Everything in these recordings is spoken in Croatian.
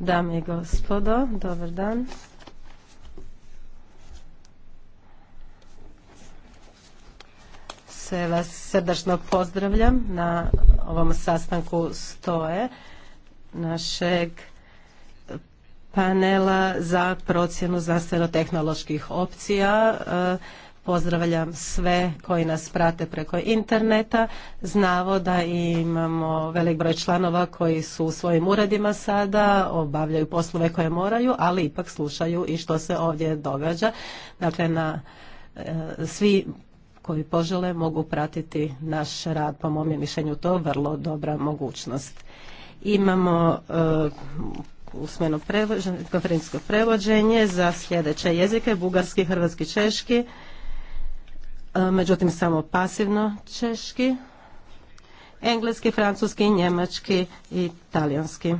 Dame i gospodo, dobar dan. Sve vas srdačno pozdravljam na ovom sastanku stoje našeg panela za procjenu znanstveno-tehnoloških opcija Pozdravljam sve koji nas prate preko interneta. Znamo da imamo velik broj članova koji su u svojim uredima sada, obavljaju poslove koje moraju, ali ipak slušaju i što se ovdje događa. Dakle, na, e, svi koji požele mogu pratiti naš rad. Po mom mišljenju to vrlo dobra mogućnost. Imamo e, usmeno prevođenje, konferencijsko prevođenje za sljedeće jezike, bugarski, hrvatski, češki, E, međutim samo pasivno češki, engleski, francuski, njemački i talijanski.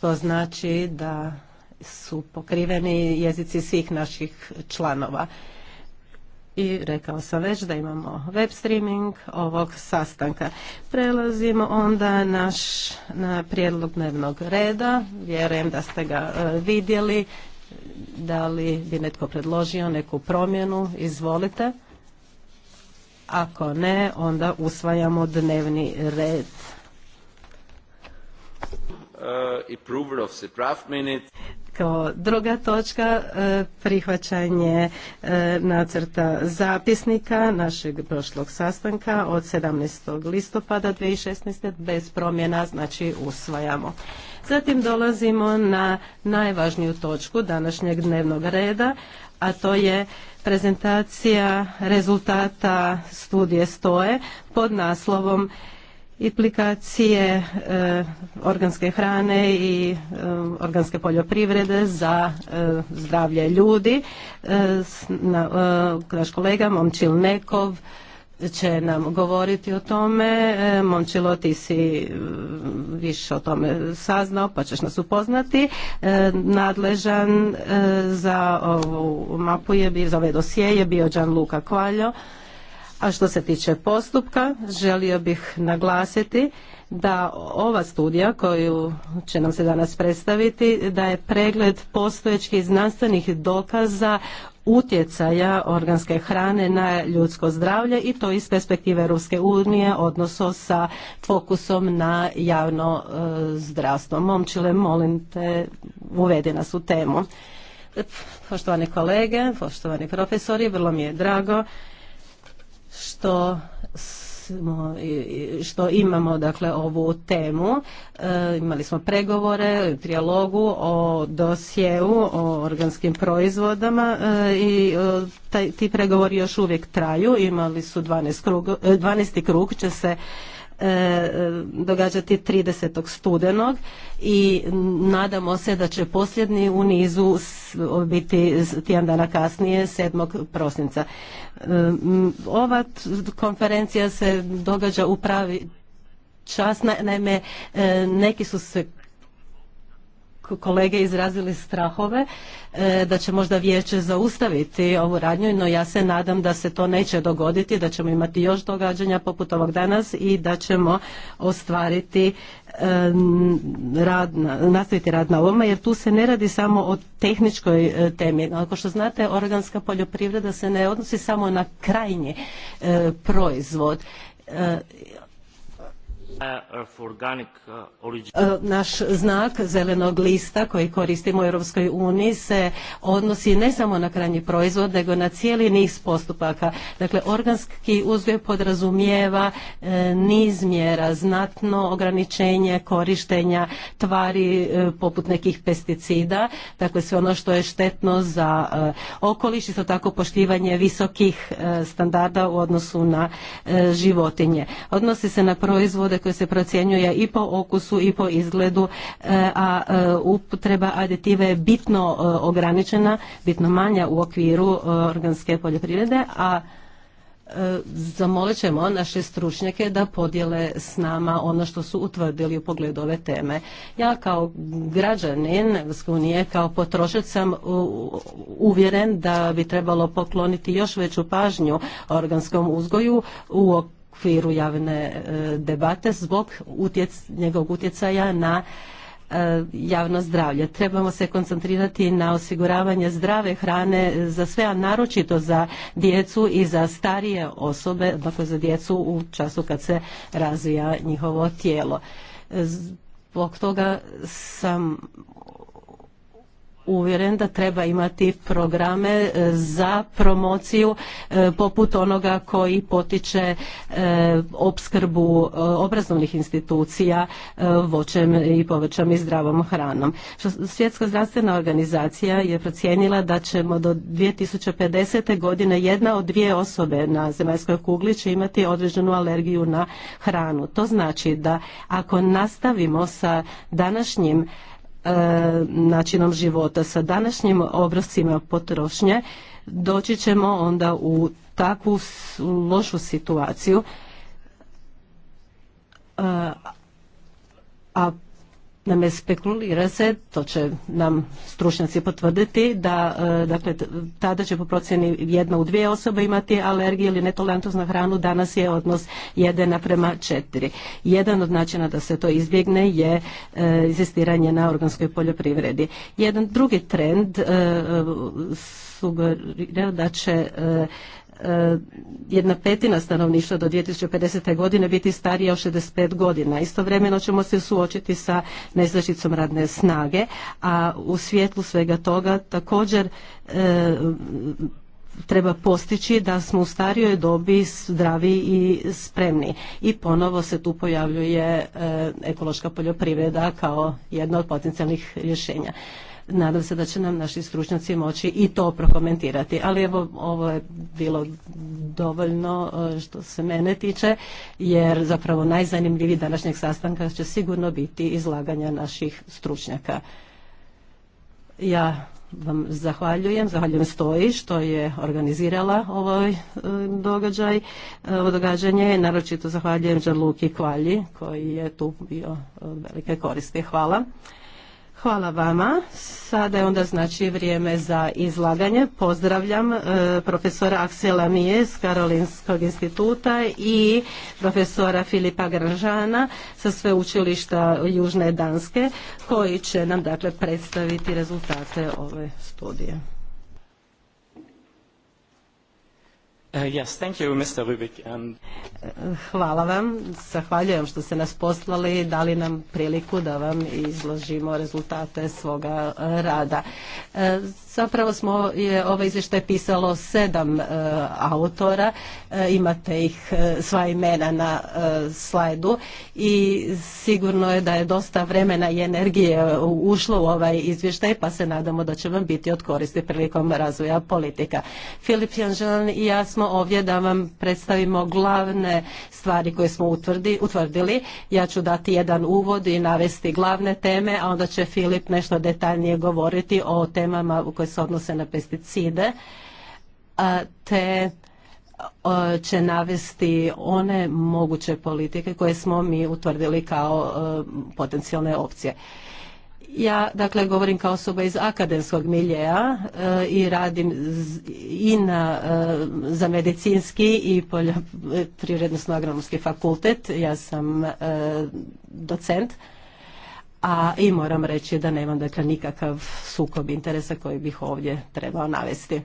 To znači da su pokriveni jezici svih naših članova. I rekao sam već da imamo web streaming ovog sastanka. Prelazimo onda naš na prijedlog dnevnog reda. Vjerujem da ste ga e, vidjeli. Da li bi netko predložio neku promjenu? Izvolite. Ako ne, onda usvajamo dnevni red. Uh, of the draft kao druga točka e, prihvaćanje e, nacrta zapisnika našeg prošlog sastanka od 17. listopada 2016. bez promjena, znači usvajamo. Zatim dolazimo na najvažniju točku današnjeg dnevnog reda, a to je prezentacija rezultata studije stoje pod naslovom implikacije e, organske hrane i e, organske poljoprivrede za e, zdravlje ljudi. Naš kolega Momčil Nekov će nam govoriti o tome. Momčilo, ti si više o tome saznao, pa ćeš nas upoznati. Nadležan za ovu mapu je bio, za ove dosije je bio Luka Kvaljo a što se tiče postupka, želio bih naglasiti da ova studija koju će nam se danas predstaviti, da je pregled postojećih znanstvenih dokaza utjecaja organske hrane na ljudsko zdravlje i to iz perspektive Ruske unije odnosno sa fokusom na javno e, zdravstvo. Momčile, molim te, uvedi nas u temu. Poštovani kolege, poštovani profesori, vrlo mi je drago što što imamo dakle ovu temu. E, imali smo pregovore, trijalogu o dosjeu, o organskim proizvodama e, i e, taj, ti pregovori još uvijek traju. Imali su 12 krug, 12. krug će se E, događati 30. studenog i nadamo se da će posljednji u nizu biti tjedan dana kasnije 7. prosinca. E, ova konferencija se događa u pravi čas, naime e, neki su se kolege izrazili strahove e, da će možda vijeće zaustaviti ovu radnju, no ja se nadam da se to neće dogoditi, da ćemo imati još događanja poput ovog danas i da ćemo ostvariti e, rad, nastaviti rad na ovome, jer tu se ne radi samo o tehničkoj e, temi. Ako što znate, organska poljoprivreda se ne odnosi samo na krajnji proizvod E, naš znak zelenog lista koji koristimo u Europskoj uniji se odnosi ne samo na krajnji proizvod, nego na cijeli niz postupaka. Dakle, organski uzgoj podrazumijeva e, niz mjera, znatno ograničenje korištenja tvari e, poput nekih pesticida, dakle sve ono što je štetno za okoliš, isto tako poštivanje visokih standarda u odnosu na životinje. Odnosi se na proizvode koji se procjenjuje i po okusu i po izgledu, e, a e, upotreba aditiva je bitno e, ograničena, bitno manja u okviru organske poljoprivrede, a zamolit ćemo naše stručnjake da podijele s nama ono što su utvrdili u pogledu ove teme. Ja kao građanin unije, kao potrošač sam uvjeren da bi trebalo pokloniti još veću pažnju organskom uzgoju u okviru javne e, debate zbog njegovog utjecaja na e, javno zdravlje. Trebamo se koncentrirati na osiguravanje zdrave hrane za sve, a naročito za djecu i za starije osobe, dakle za djecu u času kad se razvija njihovo tijelo. E, zbog toga sam uvjeren da treba imati programe e, za promociju e, poput onoga koji potiče e, opskrbu obrazovnih institucija voćem i povrćom i zdravom hranom. Svjetska zdravstvena organizacija je procijenila da ćemo do 2050. godine jedna od dvije osobe na zemaljskoj kugli će imati određenu alergiju na hranu. To znači da ako nastavimo sa današnjim E, načinom života. Sa današnjim obrascima potrošnje doći ćemo onda u takvu lošu situaciju e, a Naime, spekulira se, to će nam stručnjaci potvrditi, da e, dakle, tada će po procjeni jedna u dvije osobe imati alergiju ili netolerantnost na hranu, danas je odnos 1 prema četiri. Jedan od načina da se to izbjegne je e, izistiranje na organskoj poljoprivredi. Jedan drugi trend e, sugerira da će E, jedna petina stanovništva do 2050. godine biti starija od 65 godina. Istovremeno ćemo se suočiti sa nestašicom radne snage, a u svijetlu svega toga također e, treba postići da smo u starijoj dobi zdravi i spremni. I ponovo se tu pojavljuje e, ekološka poljoprivreda kao jedno od potencijalnih rješenja. Nadam se da će nam naši stručnjaci moći i to prokomentirati. Ali evo, ovo je bilo dovoljno e, što se mene tiče, jer zapravo najzanimljiviji današnjeg sastanka će sigurno biti izlaganja naših stručnjaka. Ja vam zahvaljujem, zahvaljujem Stoji što je organizirala ovaj e, događaj, e, ovo događanje, naročito zahvaljujem Žarluki Kvalji koji je tu bio velike koriste. Hvala. Hvala vama. Sada je onda znači vrijeme za izlaganje. Pozdravljam e, profesora Aksela Mije s Karolinskog instituta i profesora Filipa Gražana sa sveučilišta Južne Danske koji će nam dakle predstaviti rezultate ove studije. Uh, Hvala vam, zahvaljujem što ste nas poslali i dali nam priliku da vam izložimo rezultate svoga uh, rada. Uh, zapravo smo, je ovaj izvještaj pisalo sedam autora, imate ih sva imena na slajdu i sigurno je da je dosta vremena i energije ušlo u ovaj izvještaj pa se nadamo da će vam biti od koristi prilikom razvoja politika. Filip Janžan i ja smo ovdje da vam predstavimo glavne stvari koje smo utvrdi, utvrdili. Ja ću dati jedan uvod i navesti glavne teme, a onda će Filip nešto detaljnije govoriti o temama koje se odnose na pesticide, te će navesti one moguće politike koje smo mi utvrdili kao e, potencijalne opcije. Ja, dakle, govorim kao osoba iz akademskog miljeja eh, i radim i na, eh, za medicinski i poljoprivredno-agronomski fakultet. Ja sam eh, docent, a i moram reći da nemam, dakle, nikakav sukob interesa koji bih ovdje trebao navesti.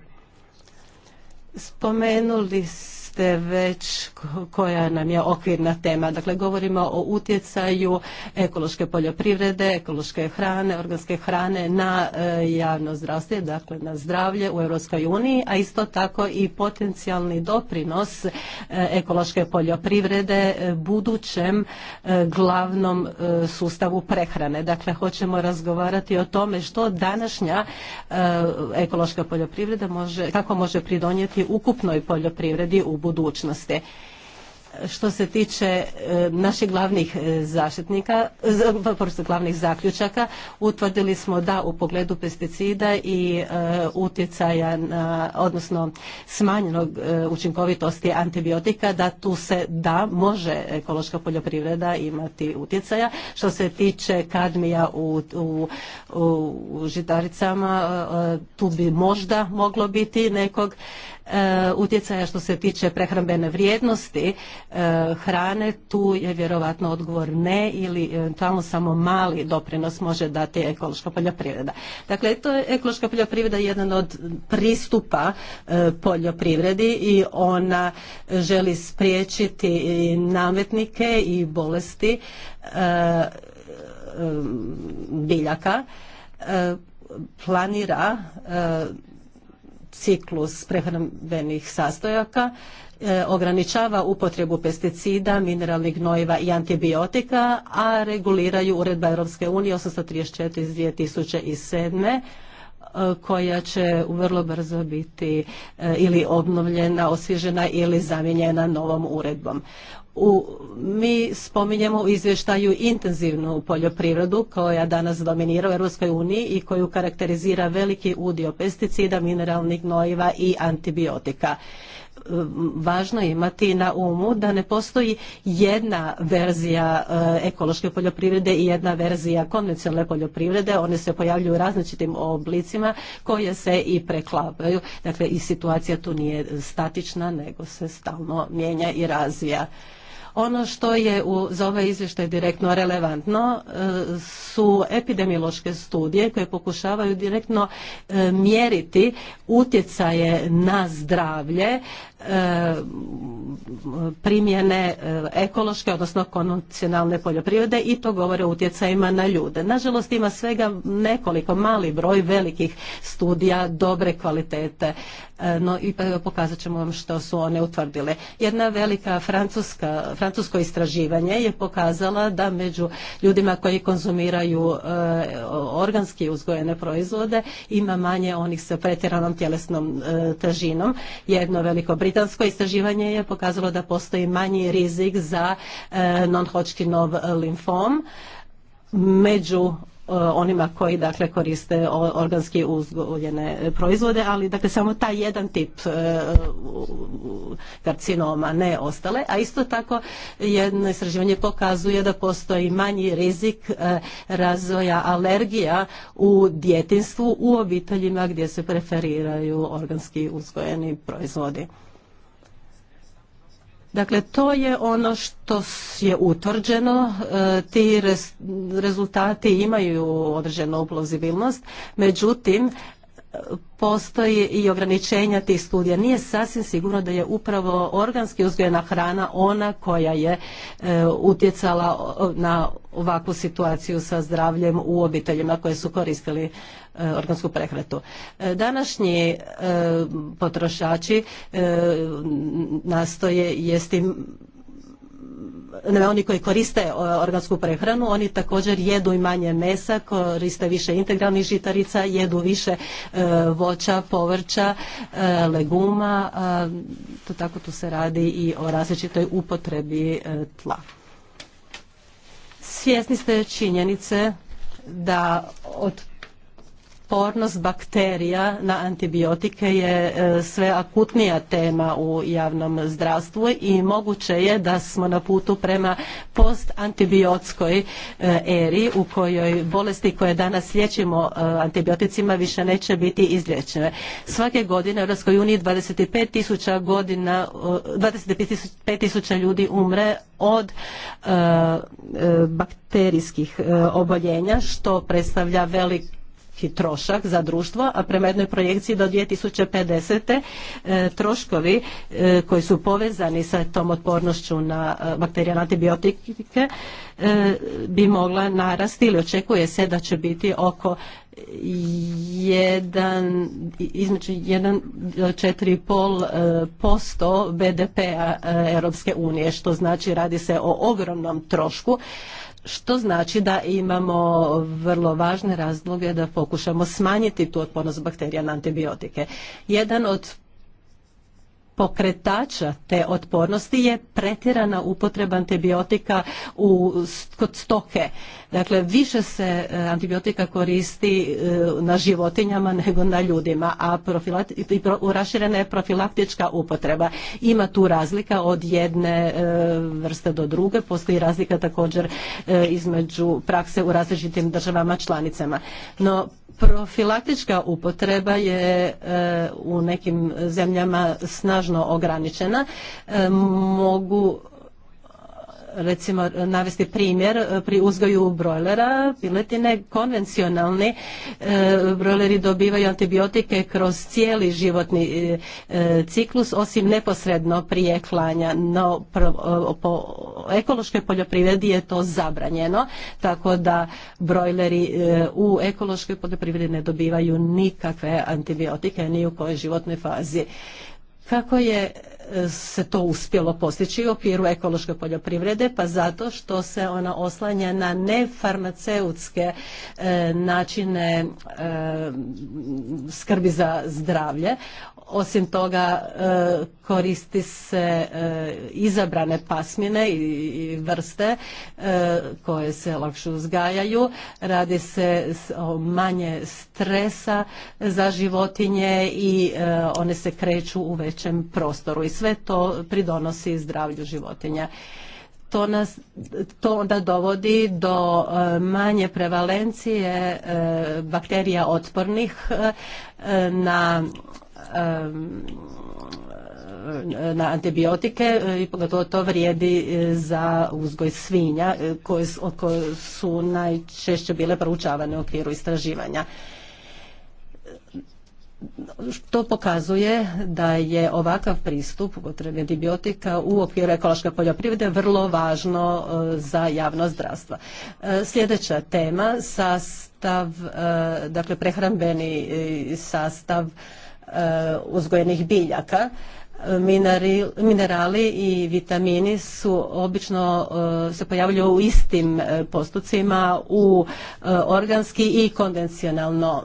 Spomenuli ste već koja nam je okvirna tema. Dakle, govorimo o utjecaju ekološke poljoprivrede, ekološke hrane, organske hrane na e, javno zdravstvo, dakle na zdravlje u Europskoj uniji, a isto tako i potencijalni doprinos e, ekološke poljoprivrede e, budućem glavnom sustavu prehrane. Dakle, hoćemo razgovarati o tome što današnja ekološka poljoprivreda može, kako može pridonijeti ukupnoj poljoprivredi u budućnosti. Što se tiče e, naših glavnih e, zaštitnika, e, glavnih zaključaka, utvrdili smo da u pogledu pesticida i utjecaja, na, odnosno smanjenog učinkovitosti antibiotika, da tu se da može ekološka poljoprivreda imati utjecaja. Što se tiče kadmija u, u žitaricama, tu bi možda moglo biti nekog Eh, utjecaja što se tiče prehrambene vrijednosti eh, hrane, tu je vjerovatno odgovor ne ili eventualno samo mali doprinos može dati ekološka poljoprivreda. Dakle, to je ekološka poljoprivreda jedan od pristupa eh, poljoprivredi i ona želi spriječiti nametnike i bolesti biljaka planira ciklus prehrambenih sastojaka, e, ograničava upotrebu pesticida, mineralnih gnojiva i antibiotika, a reguliraju uredba Europske unije 834 iz 2007 e, koja će vrlo brzo biti e, ili obnovljena, osvježena ili zamijenjena novom uredbom mi spominjemo u izvještaju intenzivnu poljoprivredu koja danas dominira u EU uniji i koju karakterizira veliki udio pesticida, mineralnih gnojiva i antibiotika. Važno je imati na umu da ne postoji jedna verzija e, ekološke poljoprivrede i jedna verzija konvencionalne poljoprivrede. One se pojavljuju u različitim oblicima koje se i preklapaju. Dakle, i situacija tu nije statična, nego se stalno mijenja i razvija. Ono što je u, za ovaj izvještaj direktno relevantno e, su epidemiološke studije koje pokušavaju direktno e, mjeriti utjecaje na zdravlje E, primjene e, ekološke, odnosno konvencionalne poljoprivrede i to govore o utjecajima na ljude. Nažalost ima svega nekoliko mali broj velikih studija dobre kvalitete, e, no i pokazat ćemo vam što su one utvrdile. Jedna velika francuska, francusko istraživanje je pokazala da među ljudima koji konzumiraju organski uzgojene proizvode ima manje onih sa pretjeranom tjelesnom težinom. Jedno veliko britansko istraživanje je pokazalo da postoji manji rizik za e, non-Hodgkinov limfom među e, onima koji dakle koriste organski uzgojene proizvode, ali dakle samo taj jedan tip e, karcinoma, ne ostale. A isto tako jedno istraživanje pokazuje da postoji manji rizik razvoja alergija u djetinstvu u obiteljima gdje se preferiraju organski uzgojeni proizvodi. Dakle, to je ono što je utvrđeno, e, ti rezultati imaju određenu plauzibilnost, međutim, postoji i ograničenja tih studija. Nije sasvim sigurno da je upravo organski uzgojena hrana ona koja je e, utjecala na ovakvu situaciju sa zdravljem u obiteljima koje su koristili e, organsku prehratu. E, današnji potrošači nastoje jesti oni koji koriste e, organsku prehranu, oni također jedu i manje mesa, koriste više integralnih žitarica, jedu više e, voća, povrća, e, leguma, to tako tu se radi i o različitoj upotrebi tla. Svjesni ste činjenice da od otpornost bakterija na antibiotike je e, sve akutnija tema u javnom zdravstvu i moguće je da smo na putu prema postantibiotskoj e, eri u kojoj bolesti koje danas liječimo e, antibioticima više neće biti izlječene. Svake godine u Europskoj uniji 25.000 godina 25.000 ljudi umre od bakterijskih oboljenja što predstavlja velik veliki trošak za društvo, a prema jednoj projekciji do 2050. E, troškovi e, koji su povezani sa tom otpornošću na e, bakterijalne antibiotike bi mogla narasti ili očekuje se da će biti oko jedan, između jedan pol posto BDP-a Europske unije, što znači radi se o ogromnom trošku, što znači da imamo vrlo važne razloge da pokušamo smanjiti tu otpornost bakterija na antibiotike. Jedan od pokretača te otpornosti je pretjerana upotreba antibiotika kod stoke. Dakle, više se e, antibiotika koristi e, na životinjama nego na ljudima, a raširena je profilaktička upotreba. Ima tu razlika od jedne e, vrste do druge, postoji razlika također između prakse u različitim državama članicama. No, profilaktička upotreba je e, u nekim zemljama snažno ograničena. E, mogu recimo navesti primjer e, pri uzgoju brojlera, piletine konvencionalni e, brojleri dobivaju antibiotike kroz cijeli životni e, ciklus osim neposredno prije klanja, no po ekološkoj poljoprivredi je to zabranjeno, tako da brojleri u ekološkoj poljoprivredi ne dobivaju nikakve antibiotike ni u kojoj životnoj fazi. Kako je se to uspjelo postići u okviru ekološke poljoprivrede, pa zato što se ona oslanja na nefarmaceutske e, načine e, skrbi za zdravlje. Osim toga e, koristi se izabrane pasmine i vrste koje se lakše uzgajaju. Radi se o manje stresa za životinje i one se kreću u većem prostoru i sve to pridonosi zdravlju životinja to nas to onda dovodi do e, manje prevalencije e, bakterija otpornih e, na na antibiotike i pogotovo to vrijedi za uzgoj svinja koje, koje su najčešće bile proučavane u okviru istraživanja to pokazuje da je ovakav pristup upotrebe antibiotika u okviru ekološke poljoprivrede vrlo važno e, za javno zdravstvo. E, sljedeća tema, sastav, e, dakle prehrambeni sastav uzgojenih biljaka. Minerali i vitamini su obično se pojavljuju u istim postupcima u organski i konvencionalno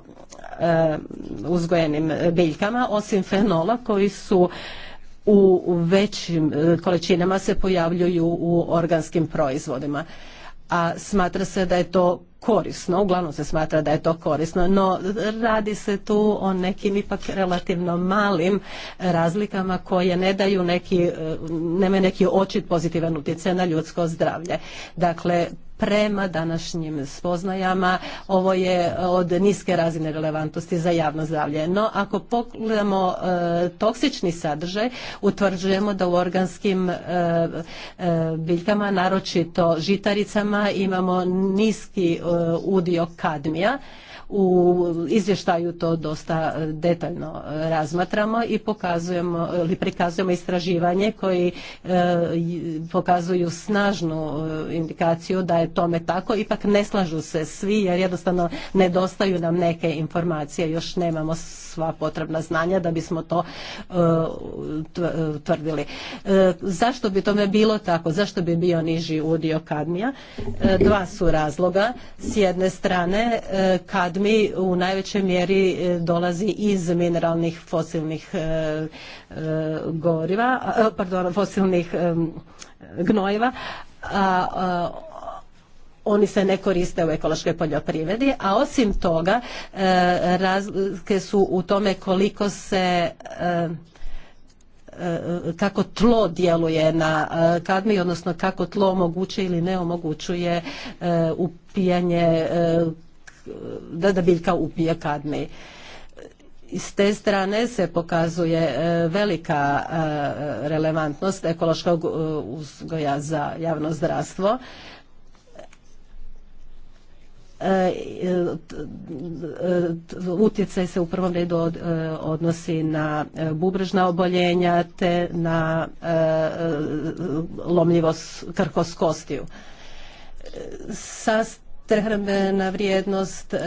E, uzgojenim biljkama, osim fenola koji su u većim e, količinama se pojavljuju u organskim proizvodima. A smatra se da je to korisno, uglavnom se smatra da je to korisno, no radi se tu o nekim ipak relativno malim razlikama koje ne daju neki, e, nemaju neki očit pozitivan utjecaj na ljudsko zdravlje. Dakle, prema današnjim spoznajama ovo je e, od niske razine relevantnosti za javno zdravlje. No ako pogledamo e, toksični sadržaj utvrđujemo da u organskim e, biljkama naročito žitaricama imamo niski udio kadmija u izvještaju to dosta e, detaljno e, razmatramo i pokazujemo ili e, prikazujemo istraživanje koji pokazuju snažnu indikaciju da je tome tako ipak ne slažu se svi jer jednostavno nedostaju nam neke informacije još nemamo sva potrebna znanja da bismo to e, e, tvrdili. E, zašto bi tome bilo tako? Zašto bi bio niži udio kadmija? Dva su razloga. S jedne strane kadmi u najvećoj mjeri dolazi iz mineralnih fosilnih goriva, pardon, fosilnih gnojiva, a oni se ne koriste u ekološkoj poljoprivredi, a osim toga e, razlike su u tome koliko se e, e, kako tlo djeluje na kadmi, odnosno kako tlo omogućuje ili ne omogućuje upijanje, da, da biljka upije kadmi. S te strane se pokazuje velika relevantnost ekološkog uzgoja za javno zdravstvo E, e, e, utjecaj se u prvom redu odnosi na bubrežna oboljenja te na lomljivost krhkost kostiju. sa prehrambena vrijednost e,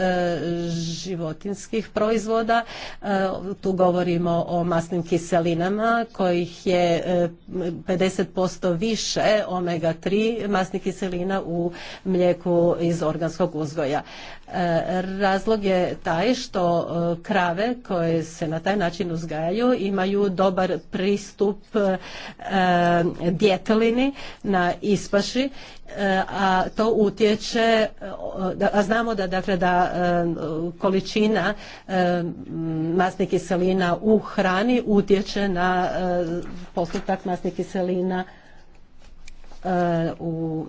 životinskih proizvoda. E, tu govorimo o masnim kiselinama kojih je 50% e, više omega-3 masnih kiselina u mlijeku iz organskog uzgoja. Razlog je taj što e, krave koje se na taj način uzgajaju imaju dobar pristup e, djetelini na ispaši e, a to utječe a znamo da dakle da količina masnih kiselina u hrani utječe na postotak masnih kiselina u,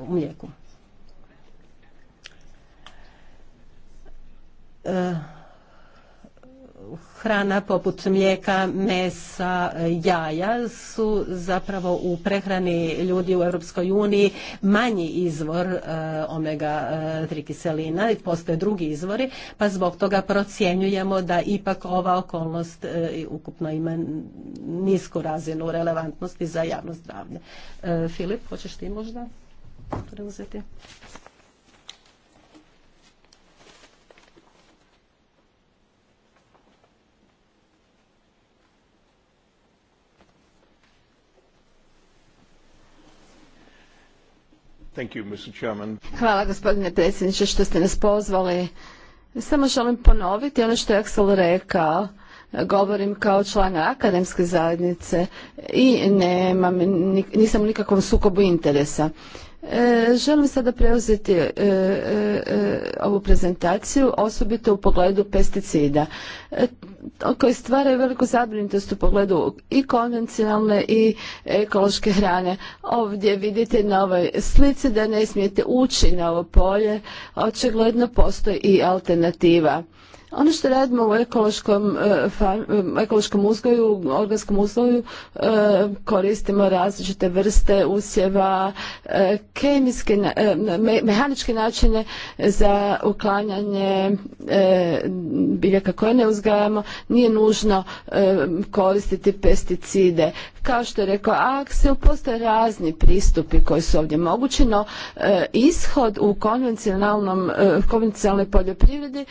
u mlijeku. hrana poput mlijeka, mesa, jaja su zapravo u prehrani ljudi u Europskoj uniji manji izvor e, omega 3 kiselina i postoje drugi izvori, pa zbog toga procjenjujemo da ipak ova okolnost e, ukupno ima nisku razinu relevantnosti za javno zdravlje. E, Filip, hoćeš ti možda preuzeti? Hvala gospodine predsjedniče što ste nas pozvali. Samo želim ponoviti ono što je Axel rekao govorim kao član akademske zajednice i nemam, nisam u nikakvom sukobu interesa. E, želim sada preuzeti e, e, ovu prezentaciju, osobito u pogledu pesticida koje stvaraju veliku zabrinutost u pogledu i konvencionalne i ekološke hrane. Ovdje vidite na ovoj slici da ne smijete ući na ovo polje, očigledno postoji i alternativa. Ono što radimo u ekološkom, e, e, ekološkom uzgoju, organskom uzgoju, e, koristimo različite vrste usjeva, kemijske, mehaničke načine za uklanjanje biljaka koje ne uzgajamo. Nije nužno koristiti pesticide. Kao što je rekao Aksel, postoje razni pristupi koji su ovdje mogući, no ishod u konvencionalnom, konvencionalnoj poljoprivredi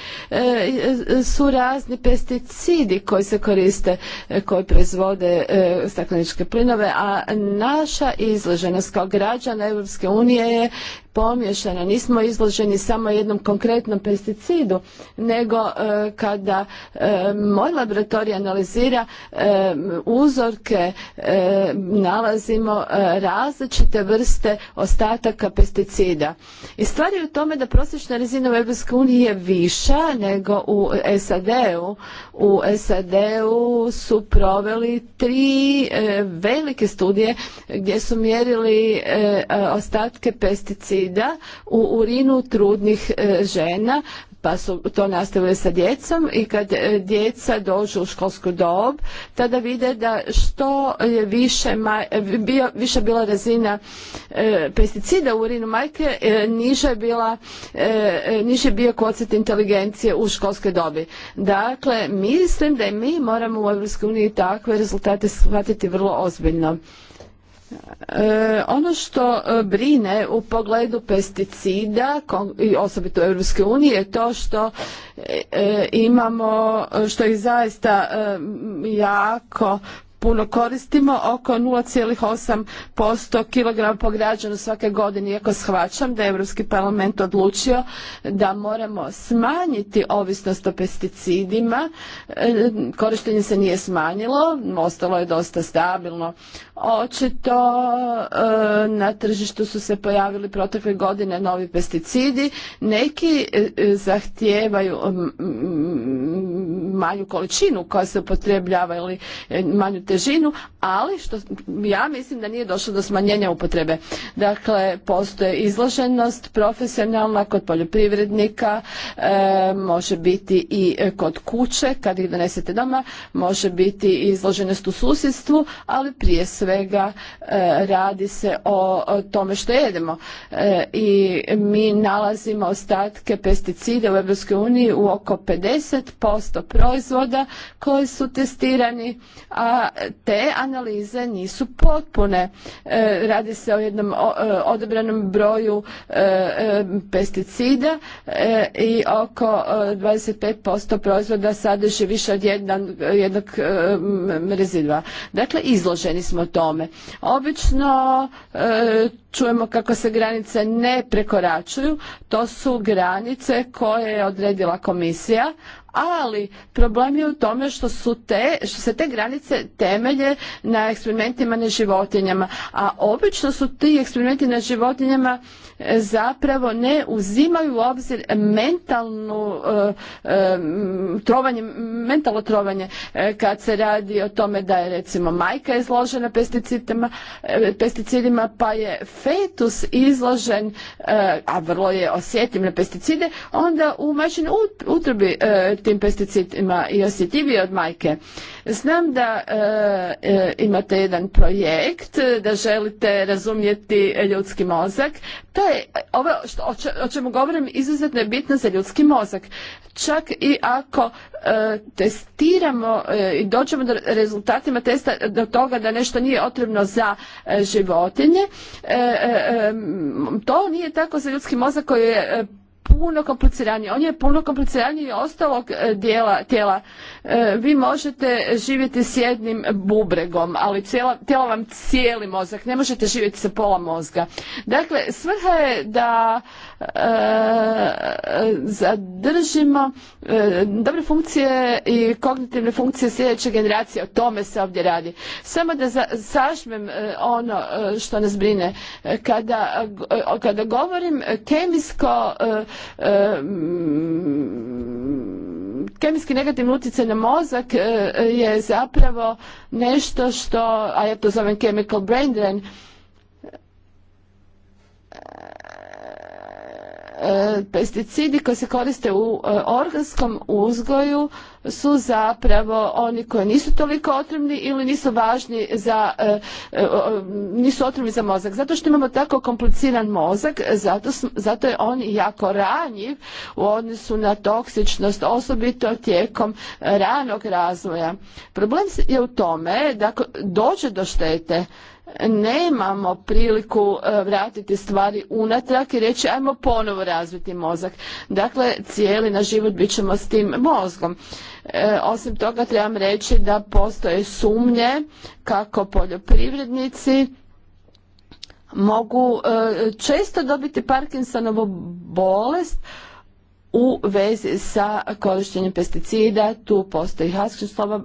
su razni pesticidi koji se koriste, e, koji proizvode e, stakleničke plinove, a naša izloženost kao građana Europske unije je pomiješana, Nismo izloženi samo jednom konkretnom pesticidu, nego e, kada e, moj laboratorij analizira e, uzorke, nalazimo različite vrste ostataka pesticida. I stvar je u tome da prosječna rezina u EU je viša nego u SAD-u. U SAD-u su proveli tri velike studije gdje su mjerili ostatke pesticida da u urinu trudnih e, žena pa su to nastavile sa djecom i kad e, djeca dođu u školsku dob tada vide da što je više, e, više bila razina pesticida u urinu majke e, niže je bila niže bio kocet inteligencije u školskoj dobi. Dakle, mislim da i mi moramo u EU takve rezultate shvatiti vrlo ozbiljno. E, ono što e, brine u pogledu pesticida, i osobito u Europske unije, je to što e, imamo, što ih zaista jako puno koristimo, oko 0,8% kilogram po građanu svake godine, iako shvaćam da je Europski parlament odlučio da moramo smanjiti ovisnost o pesticidima. E, korištenje se nije smanjilo, ostalo je dosta stabilno. Očito e, na tržištu su se pojavili protekle godine novi pesticidi. Neki e, zahtijevaju manju količinu koja se upotrebljava ili manju težinu, ali što ja mislim da nije došlo do smanjenja upotrebe. Dakle, postoje izloženost profesionalna kod poljoprivrednika, e, može biti i kod kuće kad ih donesete doma, može biti izloženost u susjedstvu, ali prije svega e, radi se o, tome što jedemo. E, I mi nalazimo ostatke pesticide u EU u oko 50% proizvoda koji su testirani, a te analize nisu potpune. E, radi se o jednom e, odebranom broju e, pesticida i oko 25% proizvoda sadrži više od jednog rezidva. Dakle, izloženi smo tome. Obično čujemo kako se granice ne prekoračuju. To su granice koje je odredila komisija, ali problem je u tome što su te, što se te granice temelje na eksperimentima na životinjama, a obično su ti eksperimenti na životinjama e, zapravo ne uzimaju u obzir mentalnu e, e, trovanje, mentalno trovanje kad se radi o tome da je recimo majka izložena pesticidima, pesticidima pa je fetus izložen, a vrlo je osjetljiv na pesticide, onda u mašinu utrobi tim pesticidima i osjetljiviji od majke. Znam da e, e, imate jedan projekt, da želite razumjeti ljudski mozak. To je, ovo o čemu govorim izuzetno je bitno za ljudski mozak. Čak i ako e, testiramo i dođemo do rezultatima testa do toga da nešto nije otrebno za životinje, to nije tako za ljudski mozak koji je puno kompliciranije, On je puno i ostalog e, dijela tijela. E, vi možete živjeti s jednim bubregom, ali cijela, tijelo vam cijeli mozak. Ne možete živjeti sa pola mozga. Dakle, svrha je da e, zadržimo e, dobre funkcije i kognitivne funkcije sljedeće generacije. O tome se ovdje radi. Samo da za, sažmem ono što nas brine. Kada, kada govorim kemijsko E, mm, kemijski negativni utjecaj na mozak e, je zapravo nešto što, a ja to zovem chemical brain drain, e, pesticidi koji se koriste u organskom uzgoju su zapravo oni koji nisu toliko otrovni ili nisu važni za, e, e, nisu otrovni za mozak. Zato što imamo tako kompliciran mozak, zato, zato je on jako ranjiv u odnosu na toksičnost, osobito tijekom ranog razvoja. Problem je u tome da dođe do štete nemamo priliku e, vratiti stvari unatrag i reći ajmo ponovo razviti mozak. Dakle, cijeli na život bit ćemo s tim mozgom. E, osim toga trebam reći da postoje sumnje kako poljoprivrednici mogu e, često dobiti Parkinsonovu bolest u vezi sa korištenjem pesticida. Tu postoji haskin slova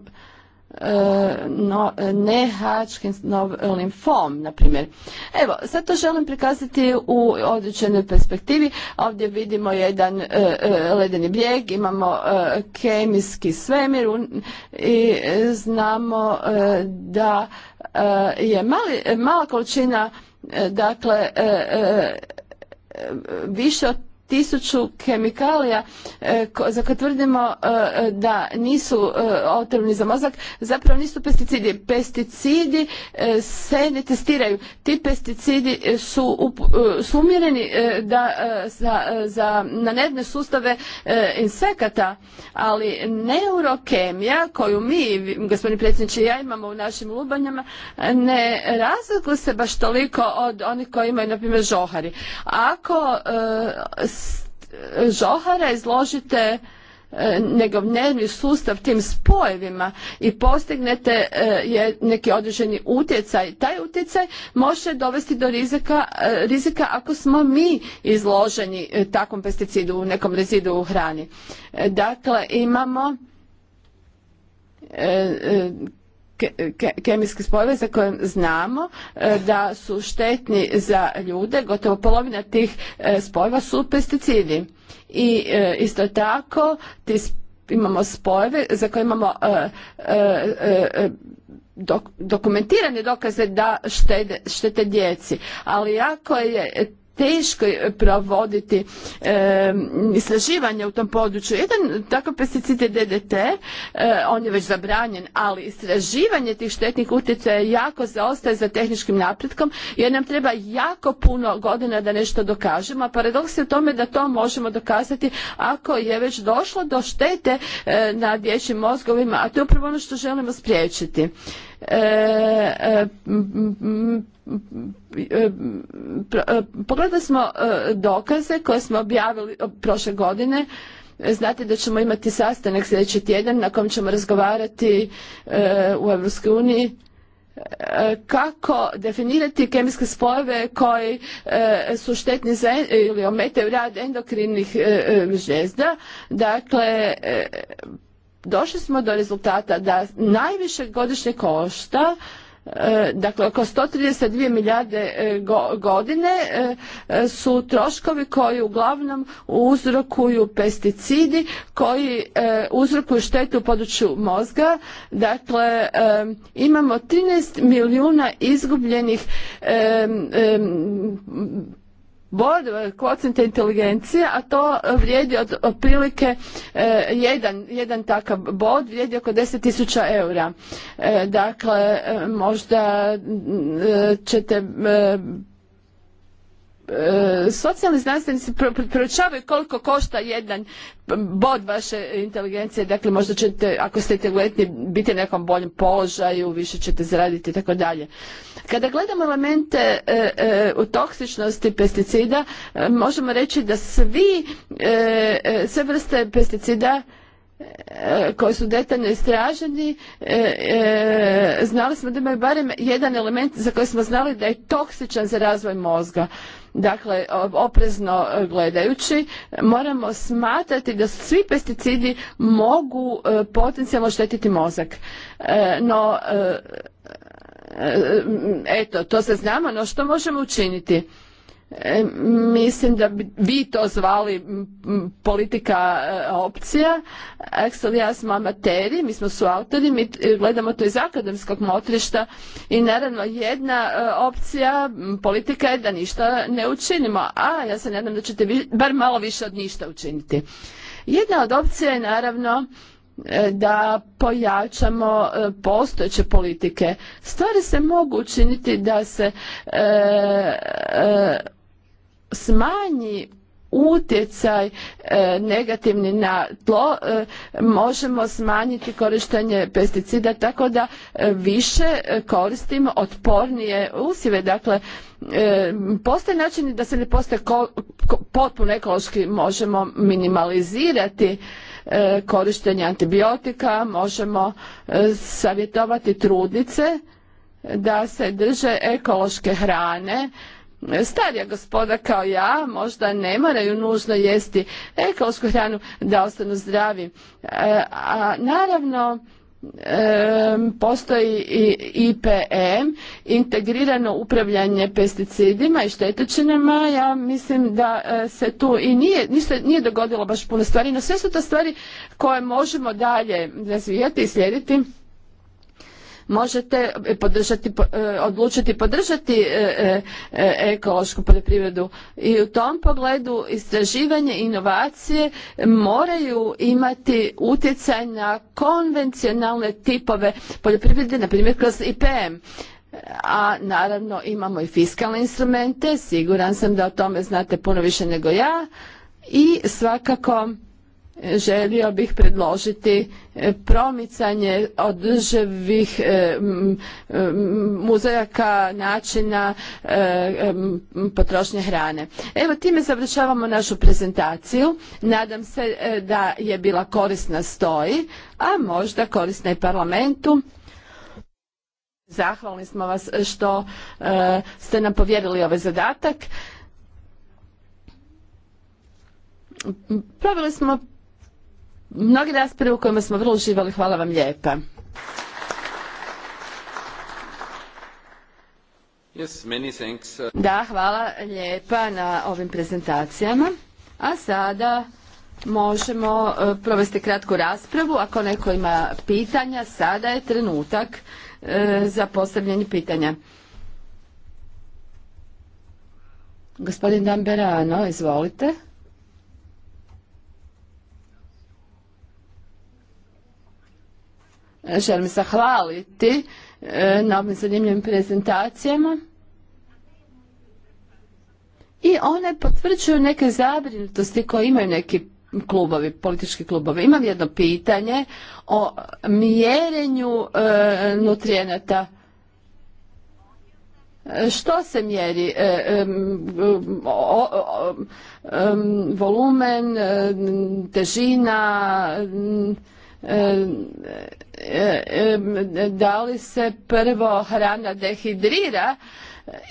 no, ne no, limfom, na primjer. Evo, sad to želim prikazati u određenoj perspektivi. Ovdje vidimo jedan e, e, ledeni brijeg, imamo e, kemijski svemir i znamo da je mala količina dakle više od tisuću kemikalija e, za koje tvrdimo e, e, da nisu otrovni za mozak, zapravo nisu pesticidi. Pesticidi se ne testiraju. Ti pesticidi su, umjereni za, na nervne sustave insekata, ali neurokemija koju mi, gospodine predsjedniče i ja imamo u našim lubanjama, ne razlikuje se baš toliko od onih koji imaju, na primjer, žohari. Ako žohara, izložite e, njegov nervni sustav tim spojevima i postignete e, je neki određeni utjecaj. Taj utjecaj može dovesti do rizika, e, rizika ako smo mi izloženi takvom pesticidu u nekom rezidu u hrani. Dakle, imamo kemijski spojevi za koje znamo e, da su štetni za ljude, gotovo polovina tih e, spojeva su pesticidi. I e, isto tako imamo spojeve za koje imamo dokumentirane dokaze da štete djeci. Ali jako je teško provoditi e, u tom području. Jedan takav pesticid je DDT, eh, on je već zabranjen, ali istraživanje tih štetnih utjecaja jako zaostaje za tehničkim napretkom jer nam treba jako puno godina da nešto dokažemo, a paradoks je u tome da to možemo dokazati ako je već došlo do štete eh, na dječjim mozgovima, a to je upravo ono što želimo spriječiti. E, e, e, pogledali smo dokaze koje smo objavili prošle godine Znate da ćemo imati sastanak sljedeći tjedan na kojem ćemo razgovarati u Europskoj uniji kako definirati kemijske spojeve koji su štetni za, ili ometaju rad endokrinnih žezda Dakle, došli smo do rezultata da najviše godišnje košta e, dakle oko 132 milijarde e, godine e, su troškovi koji uglavnom uzrokuju pesticidi koji uzrokuju štetu u području mozga dakle imamo 13 milijuna izgubljenih Bod eh, kvocente inteligencije, a to eh, vrijedi od otprilike eh, jedan, jedan takav bod vrijedi oko 10.000 eura. dakle, možda mm, ćete E, socijalni znanstvenici proučavaju koliko košta jedan bod vaše inteligencije, dakle možda ćete, ako ste inteligentni, biti u nekom boljem položaju, više ćete zaraditi i tako dalje. Kada gledamo elemente e, e, u toksičnosti pesticida, možemo reći da svi, sve vrste pesticida E, koji su detaljno istraženi e, e, znali smo da imaju barem jedan element za koji smo znali da je toksičan za razvoj mozga dakle oprezno gledajući moramo smatrati da svi pesticidi mogu potencijalno štetiti mozak no eto to se znamo no što možemo učiniti E, mislim da bi vi to zvali politika e, opcija. Axel ja smo amateri, mi smo suautori, mi gledamo to iz akademskog motrišta i naravno jedna e, opcija politika je da ništa ne učinimo, a ja se nadam da ćete vi bar malo više od ništa učiniti. Jedna od opcija je naravno da pojačamo postojeće politike. Stvari se mogu učiniti da se smanji utjecaj e, negativni na tlo e, možemo smanjiti korištenje pesticida tako da e, više koristimo otpornije usjeve dakle postoje načini da se ne postoje potpuno ekološki možemo minimalizirati korištenje antibiotika možemo savjetovati trudnice da se drže ekološke hrane starija gospoda kao ja možda ne moraju nužno jesti ekološku hranu da ostanu zdravi. E, a naravno postoji i IPM, integrirano upravljanje pesticidima i štetočinama. Ja mislim da e, se tu i nije, nije dogodilo baš puno stvari, no sve su to stvari koje možemo dalje razvijati i slijediti možete podržati, e, odlučiti podržati e, e, ekološku poljoprivredu. I u tom pogledu istraživanje i inovacije moraju imati utjecaj na konvencionalne tipove poljoprivrede, na primjer kroz IPM a naravno imamo i fiskalne instrumente, siguran sam da o tome znate puno više nego ja i svakako želio bih predložiti e, promicanje održivih e, e, muzejaka načina potrošnje hrane. Evo time završavamo našu prezentaciju. Nadam se da je bila korisna stoji, a možda korisna i parlamentu. Zahvalni smo vas što ste nam povjerili ovaj zadatak. Pravili smo mnoge rasprave u kojima smo vrlo uživali. Hvala vam lijepa. Uh, da, hvala lijepa na ovim prezentacijama. A sada možemo uh, provesti kratku raspravu. Ako neko ima pitanja, sada je trenutak uh, za postavljanje pitanja. Gospodin Damberano, izvolite. želim zahvaliti e, na ovim zanimljivim prezentacijama. I one potvrđuju neke zabrinutosti koje imaju neki klubovi, politički klubovi. Imam jedno pitanje o mjerenju e, nutrijenata. Što se mjeri? E, e, o, volumen, težina, e, E, e, da li se prvo hrana dehidrira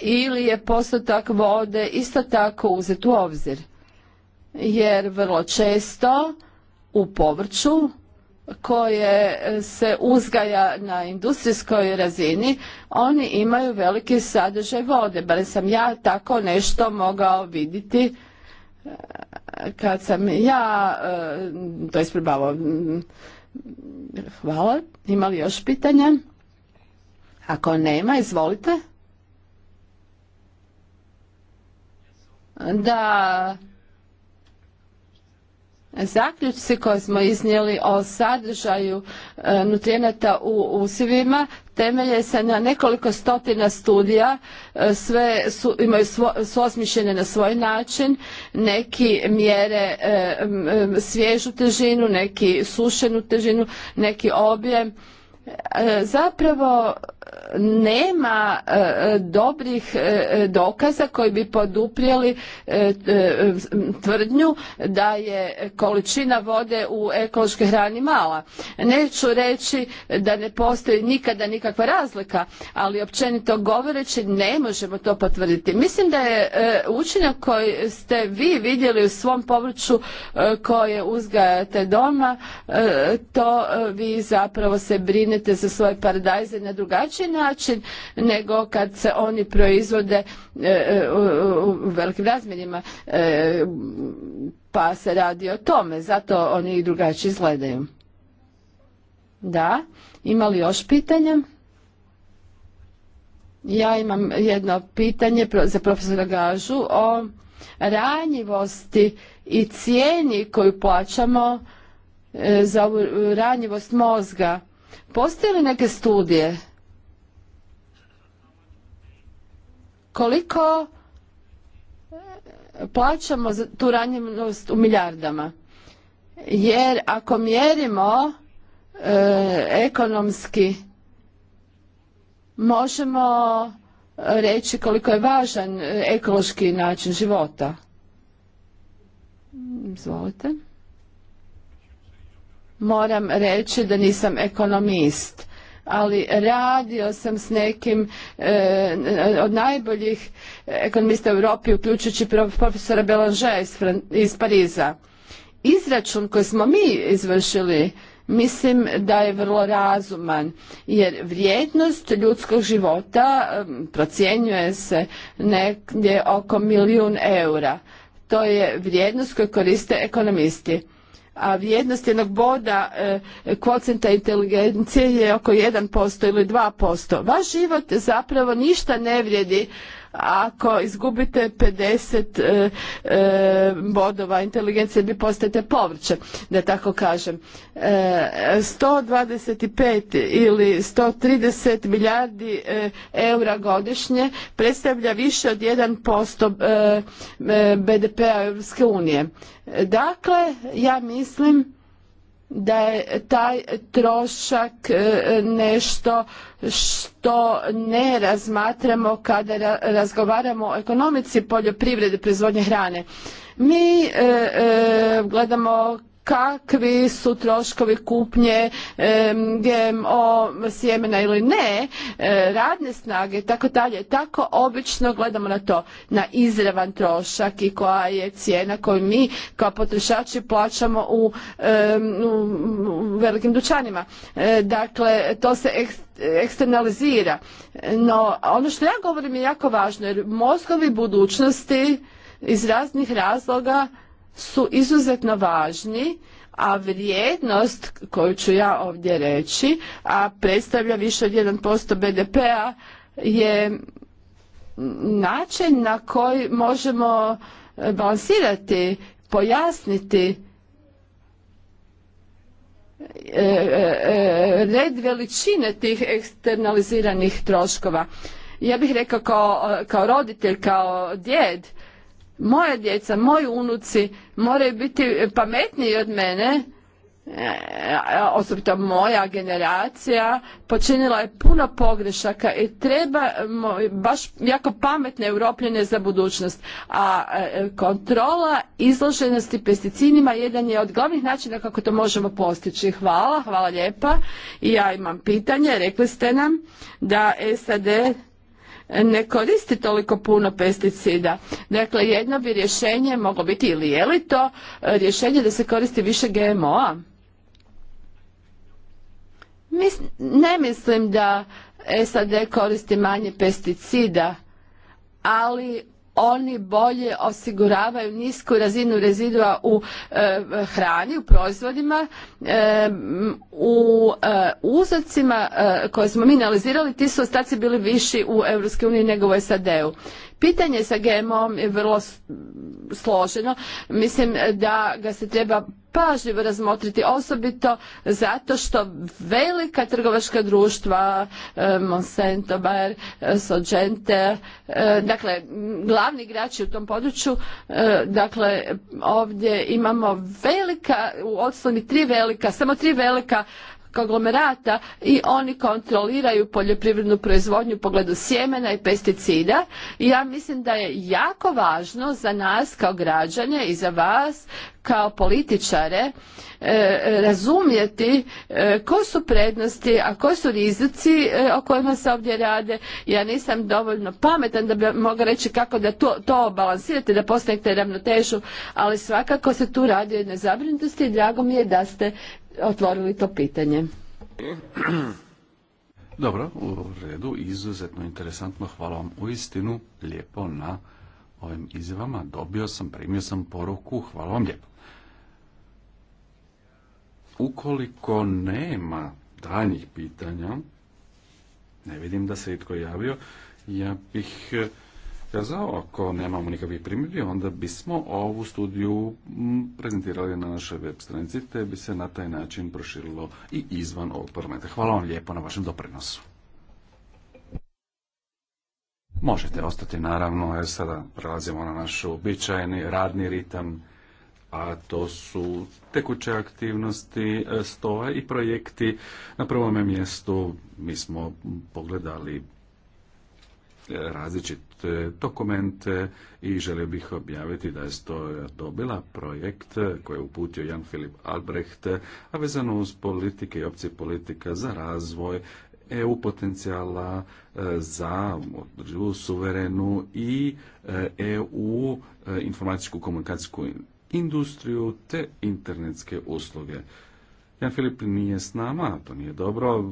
ili je postotak vode isto tako uzet u obzir. Jer vrlo često u povrću koje se uzgaja na industrijskoj razini, oni imaju veliki sadržaj vode. Bar sam ja tako nešto mogao vidjeti e, kad sam ja to isprobavao Hvala. Ima li još pitanja? Ako nema, izvolite. Da, zaključci koje smo iznijeli o sadržaju e, nutrijenata u usjevima temelje se na nekoliko stotina studija, e, sve su, imaju svo, su osmišljene na svoj način, neki mjere e, svježu težinu, neki sušenu težinu, neki objem. zapravo nema e, dobrih e, dokaza koji bi poduprijeli e, tvrdnju da je količina vode u ekološkoj hrani mala. Neću reći da ne postoji nikada nikakva razlika, ali općenito govoreći ne možemo to potvrditi. Mislim da je učinak koji ste vi vidjeli u svom području koje uzgajate doma, to vi zapravo se brinete za svoje paradajze na drugačiji način nego kad se oni proizvode e, e, u velikim razmjerima e, pa se radi o tome zato oni i drugačije izgledaju da ima li još pitanja ja imam jedno pitanje za profesora Gažu o ranjivosti i cijeni koju plaćamo za ranjivost mozga. Postoje li neke studije koliko plaćamo za tu ranjivost u milijardama. Jer ako mjerimo e, ekonomski možemo reći koliko je važan ekološki način života. Izvolite. Moram reći da nisam ekonomist ali radio sam s nekim e, od najboljih ekonomista u Europi, uključujući profesora Belangea iz, iz Pariza. Izračun koji smo mi izvršili mislim da je vrlo razuman jer vrijednost ljudskog života procjenjuje se negdje oko milijun eura. To je vrijednost koju koriste ekonomisti a vrijednost jednog boda e, kvocenta inteligencije je oko 1% ili 2%. Vaš život zapravo ništa ne vrijedi ako izgubite 50 e, e, bodova inteligencije bi postajete povrće, da tako kažem. 125 e, ili 130 milijardi eura godišnje predstavlja više od 1% BDP-a Europske unije. Dakle, ja mislim da je taj trošak e, nešto što ne razmatramo kada razgovaramo o ekonomici poljoprivrede proizvodnje hrane. Mi e, e, gledamo kakvi su troškovi kupnje GMO sjemena ili ne, e, radne snage tako dalje. Tako obično gledamo na to, na izravan trošak i koja je cijena koju mi kao potrošači plaćamo u, velikim dućanima. E, dakle, to se eksternalizira. No, ono što ja govorim je jako važno jer mozgovi budućnosti iz raznih razloga su izuzetno važni, a vrijednost koju ću ja ovdje reći, a predstavlja više od 1% BDP-a, je način na koji možemo e, balansirati, pojasniti e, e, red veličine tih eksternaliziranih troškova. Ja bih rekao kao, kao roditelj, kao djed, moja djeca, moji unuci moraju biti pametniji od mene, e, osobito moja generacija počinila je puno pogrešaka i treba baš jako pametne europljene za budućnost a e, kontrola izloženosti pesticidima jedan je od glavnih načina kako to možemo postići hvala, hvala lijepa i ja imam pitanje rekli ste nam da SAD ne koristi toliko puno pesticida. Dakle, jedno bi rješenje moglo biti ili je li to e, rješenje da se koristi više GMO-a? ne mislim da SAD koristi manje pesticida, ali oni bolje osiguravaju nisku razinu rezidua u e, hrani, u proizvodima. E, u e, uzorcima koje smo mi analizirali, ti su ostaci bili viši u EU nego u SAD-u. Pitanje sa gmo je vrlo složeno. Mislim da ga se treba pažljivo razmotriti osobito zato što velika trgovačka društva e, Monsanto, Bayer, e, Sogente, e, dakle glavni igrači u tom području, dakle ovdje imamo velika, u osnovi tri velika, samo tri velika konglomerata i oni kontroliraju poljoprivrednu proizvodnju u pogledu sjemena i pesticida. I ja mislim da je jako važno za nas kao građane i za vas kao političare e, razumjeti e, koje ko su prednosti, a koji su rizici e, o kojima se ovdje rade. Ja nisam dovoljno pametan da bi mogla reći kako da to, to balansirate, da postavite ravnotežu, ali svakako se tu radi o jednoj zabrinutosti i drago mi je da ste otvorili to pitanje. Dobro, u redu, izuzetno interesantno, hvala vam u istinu, lijepo na ovim izjavama, dobio sam, primio sam poruku, hvala vam lijepo. Ukoliko nema daljnjih pitanja, ne vidim da se itko javio, ja bih kazao, ako nemamo nikakvih primjedbi, onda bismo ovu studiju prezentirali na našoj web stranici, te bi se na taj način proširilo i izvan ovog parlamenta. Hvala vam lijepo na vašem doprinosu. Možete ostati naravno, jer sada prelazimo na naš uobičajeni radni ritam, a to su tekuće aktivnosti e, stoje i projekti. Na prvome mjestu mi smo pogledali E, različite dokumente i želio bih objaviti da je to dobila projekt koji je uputio Jan Filip Albrecht, a vezano uz politike i opcije politika za razvoj EU potencijala e, za održivu, suverenu i EU e informatičku komunikacijsku industriju te internetske usluge. Jan Filip nije s nama, to nije dobro.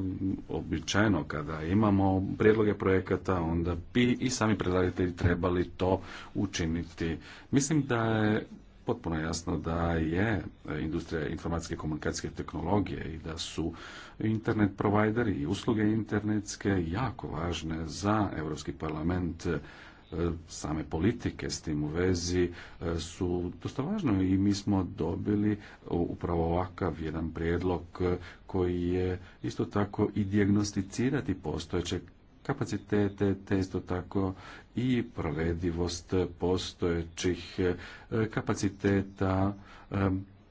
Običajno kada imamo prijedloge projekata, onda bi i sami predlagatelji trebali to učiniti. Mislim da je potpuno jasno da je industrija informacijske i komunikacijske tehnologije i da su internet provajderi i usluge internetske jako važne za Europski parlament same politike s tim u vezi e, su dosta važno i mi smo dobili upravo ovakav jedan prijedlog e, koji je isto tako i dijagnosticirati postojeće kapacitete, te isto tako i provedivost postojećih e, kapaciteta,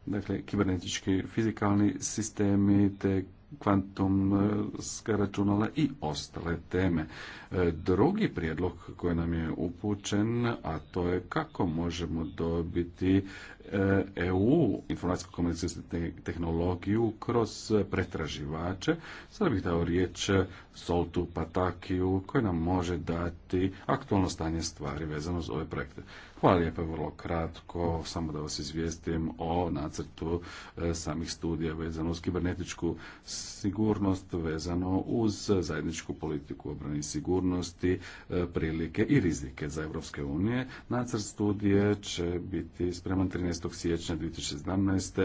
dakle kibernetički fizikalni sistemi, te kvantumska računala i ostale teme. E, drugi prijedlog koji nam je upućen, a to je kako možemo dobiti E, EU informacijsko komunikacijsku tehnologiju kroz pretraživače. Sada bih dao riječ Soltu Patakiju koji nam može dati aktualno stanje stvari vezano za ove projekte. Hvala lijepo, vrlo kratko, samo da vas izvijestim o nacrtu e, samih studija vezano uz kibernetičku sigurnost, vezano uz zajedničku politiku obrane i sigurnosti, e, prilike i rizike za Evropske unije. Nacrt studije će biti spreman 13 13. siječnja 2017.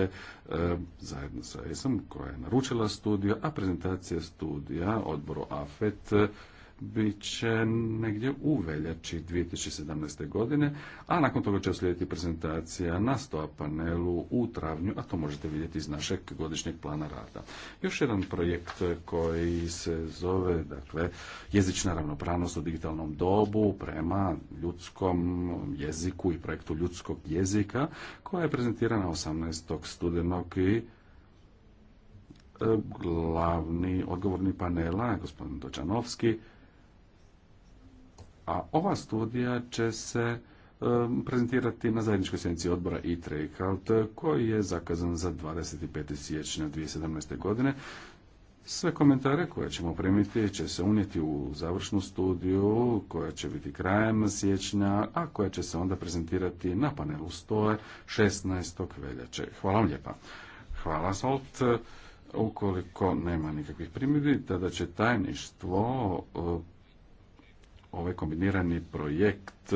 E, zajedno sa ESM koja je naručila studiju, a prezentacija studija odboru AFET bit će negdje u veljači 2017. godine, a nakon toga će slijediti prezentacija na stoa panelu u travnju, a to možete vidjeti iz našeg godišnjeg plana rada. Još jedan projekt koji se zove dakle, jezična ravnopravnost u digitalnom dobu prema ljudskom jeziku i projektu ljudskog jezika koja je prezentirana 18. studenog i e, glavni odgovorni panela, gospodin Dočanovski, a ova studija će se prezentirati na zajedničkoj sjednici odbora ITRE koji je zakazan za 25. siječnja 2017. godine. Sve komentare koje ćemo primiti će se unijeti u završnu studiju koja će biti krajem siječnja, a koja će se onda prezentirati na panelu stoje 16. veljače. Hvala vam lijepa. Hvala Solt. Ukoliko nema nikakvih primjedbi, tada će tajništvo ovaj kombinirani projekt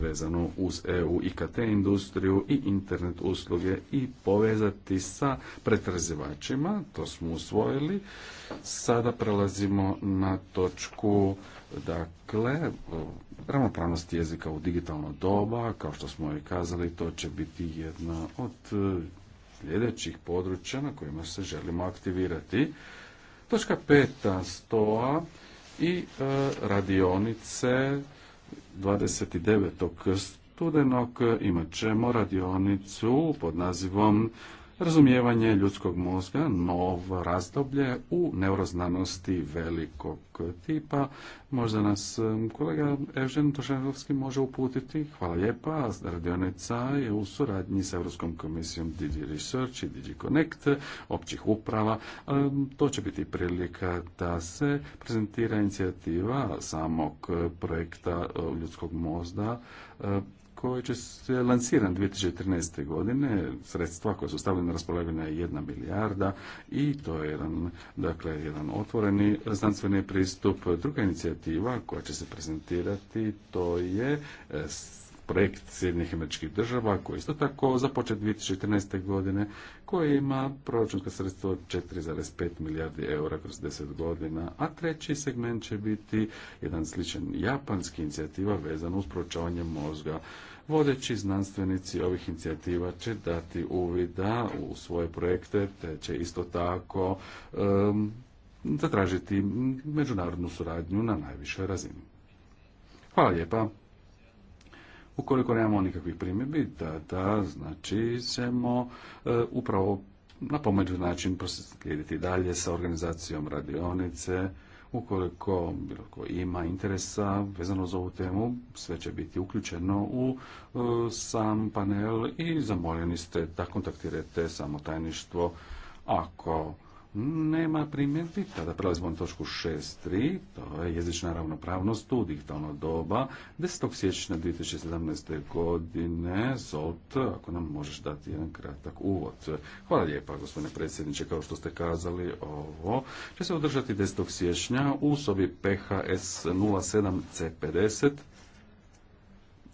vezano uz EU IKT industriju i internet usluge i povezati sa pretrazivačima. To smo usvojili. Sada prelazimo na točku dakle ravnopravnost jezika u digitalno doba. Kao što smo i kazali, to će biti jedna od e, sljedećih područja na kojima se želimo aktivirati. Točka peta stoa i e, radionice 29. studenog imat ćemo radionicu pod nazivom razumijevanje ljudskog mozga, novo razdoblje u neuroznanosti velikog tipa. Možda nas kolega Evžen Tošenovski može uputiti. Hvala lijepa. Radionica je u suradnji s Europskom komisijom Digi Research i Digi Connect, općih uprava. To će biti prilika da se prezentira inicijativa samog projekta e, ljudskog mozga e, koji će se lansiran 2013. godine, sredstva koja su stavljena na raspolaganje je jedna milijarda i to je jedan, dakle, jedan otvoreni znanstveni pristup. Druga inicijativa koja će se prezentirati to je e, projekt Sjednih američkih država koji je isto tako započet 2014. godine koji ima proračunska sredstva od 4,5 milijardi eura kroz 10 godina, a treći segment će biti jedan sličan japanski inicijativa vezan uz pročavanje mozga Vodeći znanstvenici ovih inicijativa će dati uvida u svoje projekte, te će isto tako zatražiti međunarodnu suradnju na najvišoj razini. Hvala lijepa. Ukoliko nemamo nikakvih primjedbi, da, znači ćemo e, upravo na pomeđu način proslijediti dalje sa organizacijom radionice, Ukoliko bilo ko ima interesa vezano za ovu temu, sve će biti uključeno u e, sam panel i zamoljeni ste da kontaktirate samo tajništvo ako nema primjedbi, tada prelazimo na točku 6.3, to je jezična ravnopravnost u digitalno doba, 10. siječnja 2017. godine, Zot, ako nam možeš dati jedan kratak uvod. Hvala lijepa, gospodine predsjedniče, kao što ste kazali, ovo će se održati 10. siječnja u sobi PHS 07C50,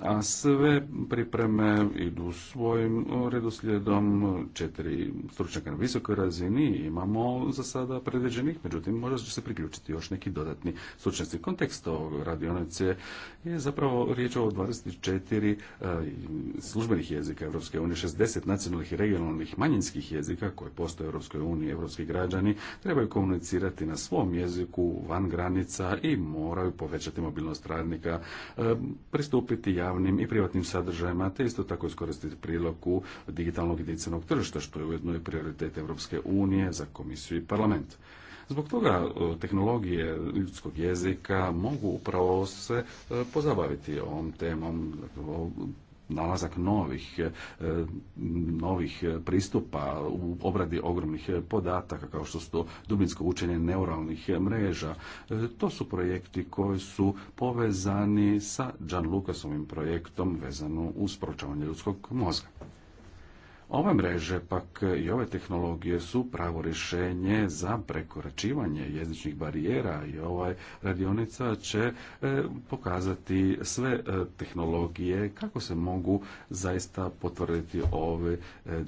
a sve pripreme idu svojim redoslijedom četiri stručnjaka na visokoj razini imamo za sada predviđenih, međutim možda će se priključiti još neki dodatni stručnjaci. Kontekst ovog radionice je zapravo riječ o 24 e, službenih jezika Europske unije, 60 nacionalnih i regionalnih manjinskih jezika koje postoje u Europskoj uniji, europski građani trebaju komunicirati na svom jeziku van granica i moraju povećati mobilnost radnika, e, pristupiti javno javnim i privatnim sadržajima, te isto tako iskoristiti priloku digitalnog jedinstvenog tržišta, što je ujedno i prioritet Europske unije za komisiju i parlament. Zbog toga e, tehnologije ljudskog jezika mogu upravo se e, pozabaviti ovom temom nalazak novih, e, novih pristupa u obradi ogromnih podataka kao što su to dubinsko učenje neuralnih mreža. E, to su projekti koji su povezani sa Gian projektom vezano uz pročavanje ljudskog mozga. Ove mreže pak i ove tehnologije su pravo rješenje za prekoračivanje jezičnih barijera i ovaj radionica će e, pokazati sve e, tehnologije kako se mogu zaista potvrditi ove e,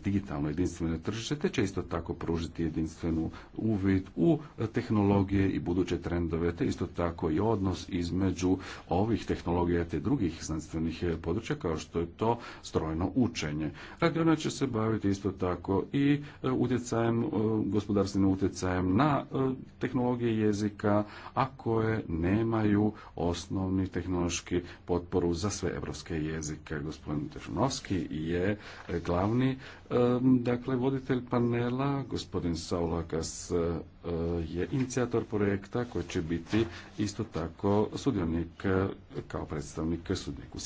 digitalno jedinstvene tržište te će isto tako pružiti jedinstvenu uvid u tehnologije i buduće trendove te isto tako i odnos između ovih tehnologija te drugih znanstvenih područja kao što je to strojno učenje. Radionica će se baviti isto tako i e, utjecajem, e, gospodarstvenim utjecajem na e, tehnologije jezika, a koje nemaju osnovni tehnološki potporu za sve evropske jezike. Gospodin Tešanovski je glavni dakle voditelj panela, gospodin Saulakas je inicijator projekta koji će biti isto tako sudionik kao predstavnik sudnik u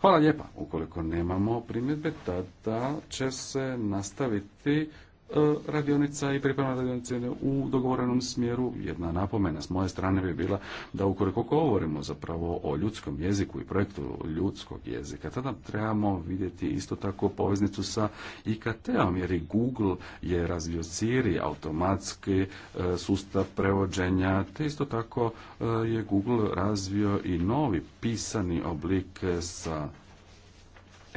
Hvala lijepa. Ukoliko nemamo primjedbe, tada će se nastaviti E, radionica i priprema radionice u dogovorenom smjeru. Jedna napomena s moje strane bi bila da ukoliko govorimo zapravo o ljudskom jeziku i projektu ljudskog jezika, tada trebamo vidjeti isto tako poveznicu sa IKT-om, jer i Google je razvio Siri automatski e, sustav prevođenja, te isto tako e, je Google razvio i novi pisani oblik sa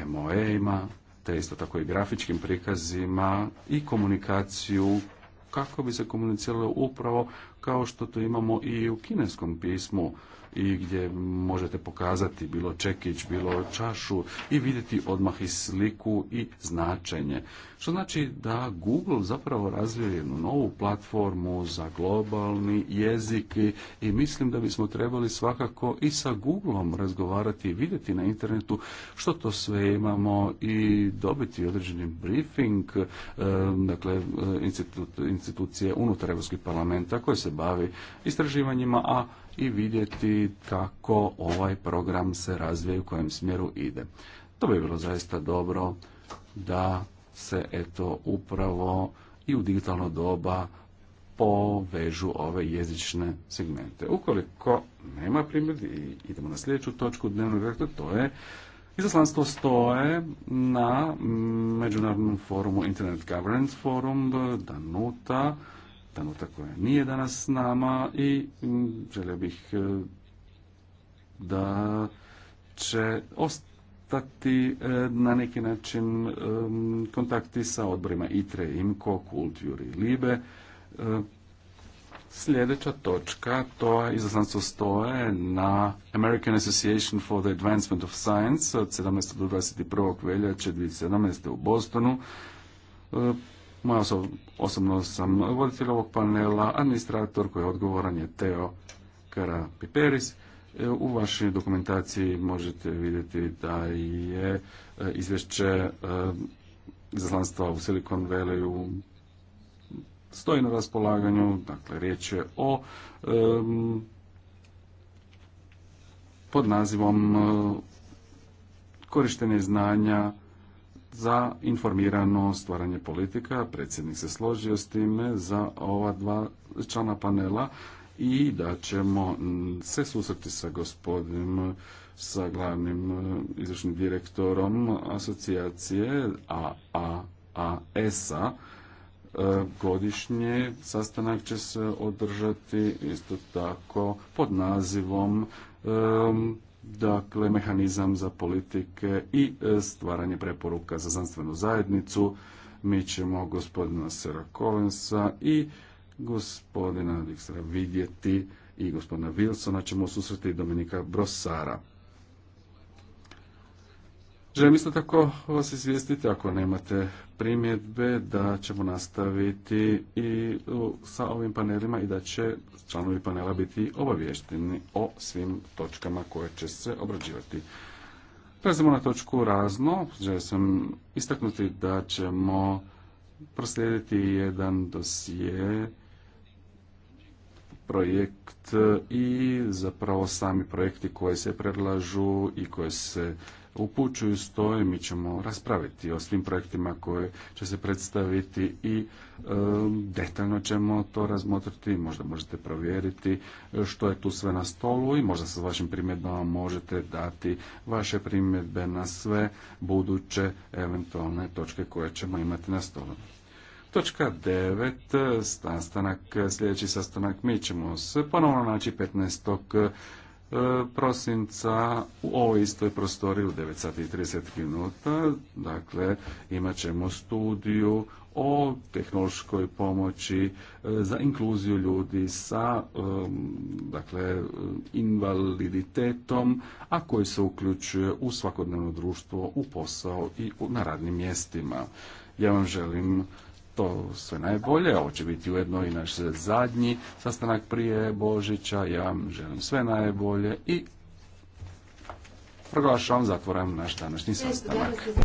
MOE-ima, te isto tako i grafičkim prikazima i komunikaciju kako bi se komuniciralo upravo kao što to imamo i u kineskom pismu i gdje možete pokazati bilo čekić, bilo čašu i vidjeti odmah i sliku i značenje. Što znači da Google zapravo razvije jednu novu platformu za globalni jezik i mislim da bismo trebali svakako i sa Googleom razgovarati i vidjeti na internetu što to sve imamo i dobiti određeni briefing, eh, dakle eh, institucije unutar evropskih parlamenta koje se bavi istraživanjima, a i vidjeti kako ovaj program se razvija i u kojem smjeru ide. To bi bilo zaista dobro da se eto upravo i u digitalno doba povežu ove jezične segmente. Ukoliko nema primjedbi, idemo na sljedeću točku dnevnog reda, to je Izaslanstvo stoje na Međunarodnom forumu Internet Governance Forum Danuta Danuta koja nije danas s nama i mm, želio bih e, da će ostati e, na neki način kontakti sa odborima ITRE, IMKO, KULT, JURI, LIBE. E, sljedeća točka, to je izaslanstvo stoje na American Association for the Advancement of Science od 17. do 21. veljače 2017. u Bostonu moja osobno sam voditelj ovog panela, administrator koji je odgovoran je Teo Piperis. E, u vašoj dokumentaciji možete vidjeti da je e, izvješće e, izazlanstva u Silicon Valley stoji na raspolaganju, dakle riječ je o pod nazivom korištenje znanja za informirano stvaranje politika. Predsjednik se složio s time za ova dva člana panela i da ćemo se susreti sa gospodinom sa glavnim e, izvršnim direktorom asocijacije AAAS-a. E, godišnje sastanak će se održati isto tako pod nazivom e, dakle mehanizam za politike i e, stvaranje preporuka za znanstvenu zajednicu. Mi ćemo gospodina Sera Kovensa i gospodina Dixera vidjeti i gospodina Wilsona ćemo susreti Dominika Brosara. Želim isto tako vas izvijestiti, ako nemate primjedbe, da ćemo nastaviti i sa ovim panelima i da će članovi panela biti obavješteni o svim točkama koje će se obrađivati. Prelazimo na točku razno. Želim sam istaknuti da ćemo proslijediti jedan dosije projekt i zapravo sami projekti koji se predlažu i koji se upućuju stoje. Mi ćemo raspraviti o svim projektima koje će se predstaviti i e, detaljno ćemo to razmotriti. Možda možete provjeriti e, što je tu sve na stolu i možda sa vašim primjedbama možete dati vaše primjedbe na sve buduće eventualne točke koje ćemo imati na stolu. Točka 9. E, sastanak, sljedeći sastanak mi ćemo se ponovno naći 15. E, prosinca u ovoj istoj prostori u 9 i 30 minuta. Dakle, imat ćemo studiju o tehnološkoj pomoći e, za inkluziju ljudi sa e, dakle, invaliditetom, a koji se uključuje u svakodnevno društvo, u posao i na radnim mjestima. Ja vam želim to sve najbolje. Ovo će biti ujedno i naš zadnji sastanak prije Božića. Ja želim sve najbolje i proglašavam zatvoram naš današnji sastanak.